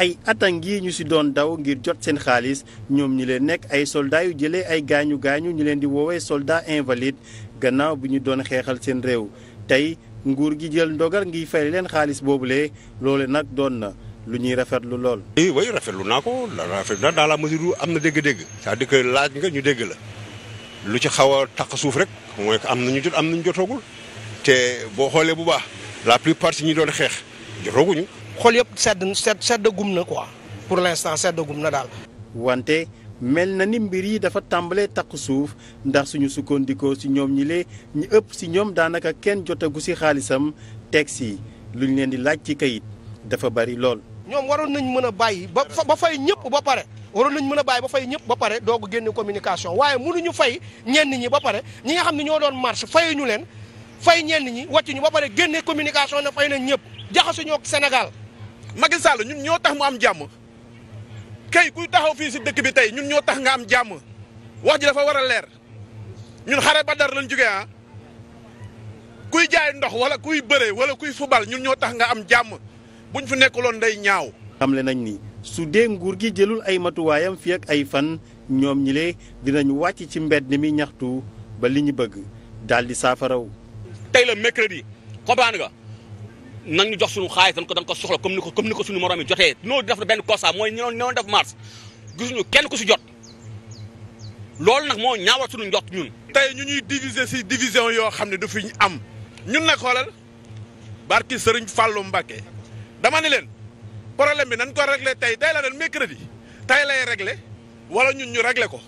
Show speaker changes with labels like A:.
A: ay attangi ñu si doon daw ngir jot seen xaalis ñoom ñi leen nekk ay soldats yu jëlee ay gaañu gaañu ñu leen di woowee soldaa invalides gannaaw bi ñu doon xeexal seen réew tey nguur gi jël ndogal ngi fay leen xaalis boobu lee loole nag doon na lu ñuy
B: rafetlu lool. oui oui rafetlu naa ko rafetlu naa dans la mesure où am na dégg-dégg. à laaj nga ñu dégg la lu ci xaw a taq suuf rek mooy que am na ñu jot am na ñu jotoogul te boo xoolee bu baax la plupart si ñu doon xeex jotooguñu. xool yëpp sedd sedd sedd
A: gum na quoi pour l'instant sedd gum na daal. wante mel na ni mbir yi dafa tàmbalee takku suuf ndax suñu sukkandikoo si ñoom ñi lee ñi ëpp si ñoom daanaka kenn jotagu si xaalisam teg si luñ leen di laaj ci kayit dafa bari lool.
C: ñoom waroon nañ mën a bàyyi ba ba fay ñëpp ba pare waroon nañ mën a bàyyi ba fay ñëpp ba pare doog génne communication waaye mënuñu fay ñenn ñi ba pare ñi nga xam ne ñoo doon marche fayuñu leen fay ñenn ñi wàccuñu ba pare génne communication na fay nañ ñëpp jaxasuñoo ak Macky Sall ñun ñoo tax
D: mu am jàmm kay kuy taxaw fii si dëkk bi tey ñun ñoo tax nga am jàmm wax ji dafa war a leer ñun xare ba dara lañ jóge ah kuy jaay ndox wala kuy bëree wala kuy fubal ñun ñoo tax nga am jàmm buñ fi nekkuloon day ñaaw.
A: xamle nañ ni su dee nguur gi jëlul ay matuwaayam fii ak ay fan ñoom ñile dinañu wàcc ci mbedd mi ñaxtu ba li ñu bëgg daldi di saafaraw.
E: tey la mercredi xobaan nga nan ñu jox suñu xaalis dañ ko dañ ko soxla comme ni ko comme ni ko suñu morom yi jotee noonu def benn constat mooy ñi noonu def mars gisuñu kenn ku si jot loolu
D: nag moo ñaawal suñu njot ñun. tey ñu ñuy diviser si division yoo xam ne du fi ñu am ñun nag xoolal barki Serigne fallu Mbacké dama ni leen problème bi nañ ko réglé tey tey la leen mercredi tey lay réglé wala ñun ñu réglé ko.